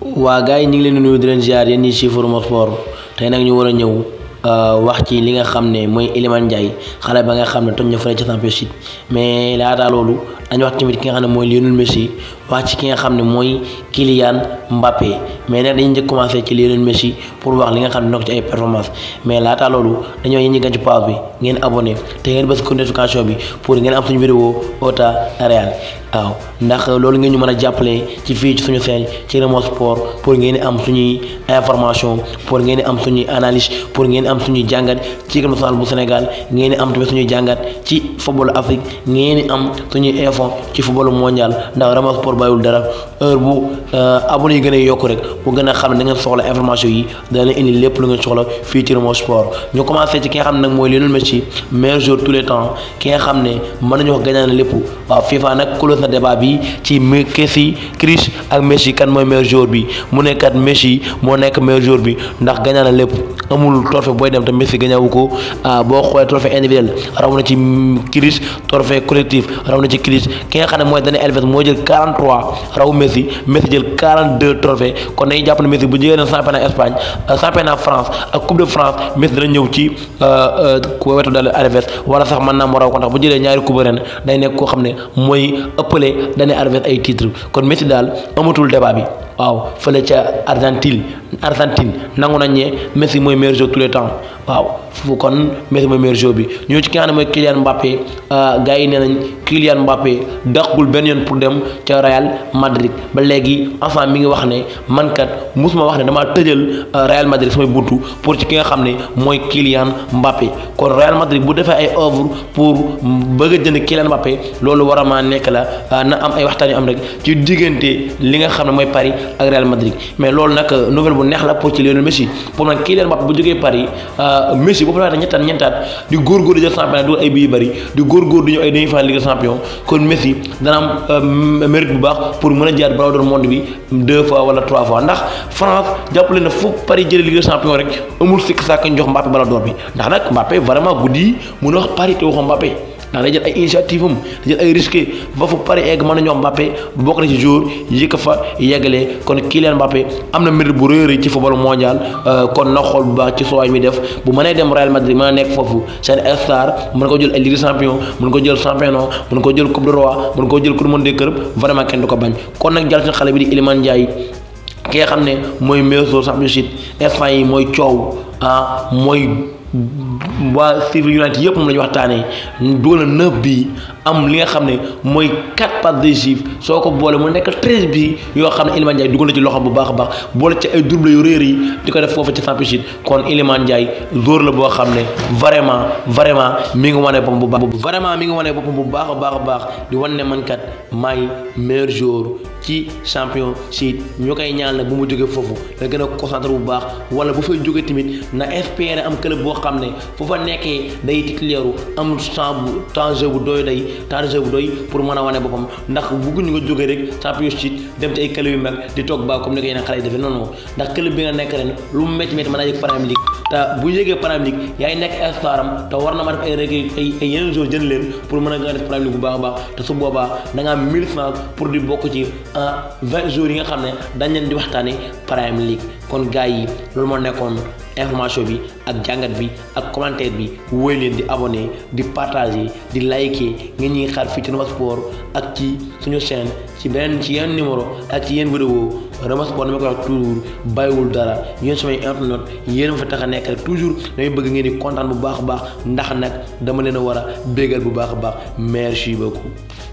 waa gars yi ñu ngi leen di nuyu di leen ziar yéen ñi ci Forum Sport tey nag war a ñëw euh, wax ci li nga xam ne mooy Iliman Ndiaye xale ba nga xam ne toj na fële ca Champions League mais laataa loolu dañu wax tamit ki nga xam ne mooy Lionel Messi wax ci ki nga xam ne mooy Kylian Mbappé. mais nag dañuy njëkk commencé ci Lionel Messi pour wax li nga xam ne nag ci ay performance mais laataa loolu dañoo yéen ñi ci te ngeen bës notification bi pour ngeen am suñu vidéo Ota Real waaw ndax loolu ngeen ñu mën a jàppale ci fii ci suñu seen ci Remo Sport pour ngeen am suñuy information pour ngeen am suñuy analyse pour ngeen am suñuy jàngat ci équipe nationale bu Sénégal ngeen am tamit suñuy jàngat ci football Afrique ngeen am suñuy info ci football mondial ndax Remo Sport bàyyiwul dara heure bu euh, abonné yi gën a yokk rek mu gën a xam ne da soxla information yi dana leen indi lépp lu ngeen soxla fii ci Sport ñu commencé ci ki xam ne nag mooy Lionel Messi meilleur joueur tous les temps ki xam ne bi ci Messi Chris ak Messi kan mooy meilleur joueur bi mu ne kat Messi moo nekk meilleur joueur bi ko ah, boo xoolee trophée individuel raw na ci Chris trophée ki nga xam ne mooy Dani Alves moo jël Messi Messi jël 42 trophée kon nañu jàpp ne Messi bu jigéen championnat Espagne euh, championnat France ak coupe de France Messi dana ñëw ci ku euh, euh, wetu dal Alves wala sax mën naa mu raw ko bu jëlee ñaari coupe ren day nekk koo xam ne mooy ëppale dane Alves ay titre kon Messi daal amatul débat bi waaw fële ca Argentine Argentine nangu nañ ne Messi mooy meilleur joueur tous les temps waaw fu kon Messi mooy meilleur bi ñëw ci ki nga xam ne mooy Kylian Mbappé gars yi nee nañ Kylian Mbappé dàqul ba léegi enfin mi ngi wax ne kat musuma wax ne damaa tëjal euh, Real Madrid samay buntu pour ci ki nga xam ne mooy Kylian Mbappé kon Real Madrid bu defee ay œuvre pour bëgg a jënd Kylian Mbappé loolu war a maa nekk la euh, na am ay waxtaan yu am rek ci diggante li nga xam ne mooy Paris ak Real Madrid mais loolu nag euh, nouvelle bu neex la pour ci Lionel Messi pour man Kylian Mbappé bu jógee Paris Messi boo fa laata ñettaan di góorgóor di di góorgóor di kon Messi dana am bu a jaar ndax France jàppale na foog Paris jëlee Ligue des champions rek amul sikk sàkk jox Mbappé ballon d'or bi ndax nag Mbappé vraiment guddi yi mën a wax Paris te waxoo Mbappé ndax day jël ay initiative am jël ay risque ba fu Paris egg mën nañoo Mbappé bokk na ci jour yëkk fa yeggalee kon kii leen Mbappé am na mérite bu réer ci football mondial euh, kon na xool bu ci soowaay mi def bu mënee dem Real Madrid mën a nekk foofu seen star mën koo jël ay Ligue mën ko jël championnat mën ko jël coupe de roi mën ko jël coupe du monde des clubs du ko bañ kon nag jàll seen ki xam ne mooy meilleur joueur championship instant yi mooy coow ah mooy waa Sheffield United yëpp moom la waxtaanee dugal na neuf bi am li nga xam ne mooy quatre passes décisives soo ko boole mu nekk tris bi yoo xam ne Iliman Ndiaye dugal na ci loxo bu baax a baax boole ci ay double yu réer yi di ko def foofu ci championship kon Iliman Ndiaye dóor la boo xam ne vraiment vraiment mi ngi wane boppam bu baax. vraiment mi ngi wane boppam bu baax a baax a baax di wan ne man kat maay meilleur ci championship ñu koy ñaan nak bu mu joggé fofu da gëna concentré bu baax wala bu fay joggé timit na FPR am club bo xamné fu fa nekké day titulaire am temps bu temps jeu bu doy day temps jeu bu doy pour mëna a bopam ndax bu ñu nga joggé rek champion sheet dem ci ay club yu mag di tok ba comme ni ko xalé def non non ndax club bi nga nekk ren lu metti metti mëna mën Premier League ta bu yëgee Premier League yaay nekk estaram ta war na ma def ay rek ay yeneen jour jënd leen pour mëna a def Premier League bu baax baax ta su boba da nga 1000 francs pour di bok ci Ah, vingt jours yi nga xam ne dañ leen di waxtaane Premier League kon gars yi loolu moo nekkoon information bi ak jàngat bi ak commentaire bi wooy leen di abonné di partager di liker ngeen ñi xaar fii ci Rmo Sport ak ci suñu chaîne ci beneen ci yeneen numéro ak ci yeneen vidéo Rmo Sport dama koy wax toujours bàyyiwul dara yéen samay internet yéen ma fa tax a nekk rek toujours damay bëgg ngeen di kontaan bu baax a baax ndax nag dama leen a war bégal bu baax a baax merci beaucoup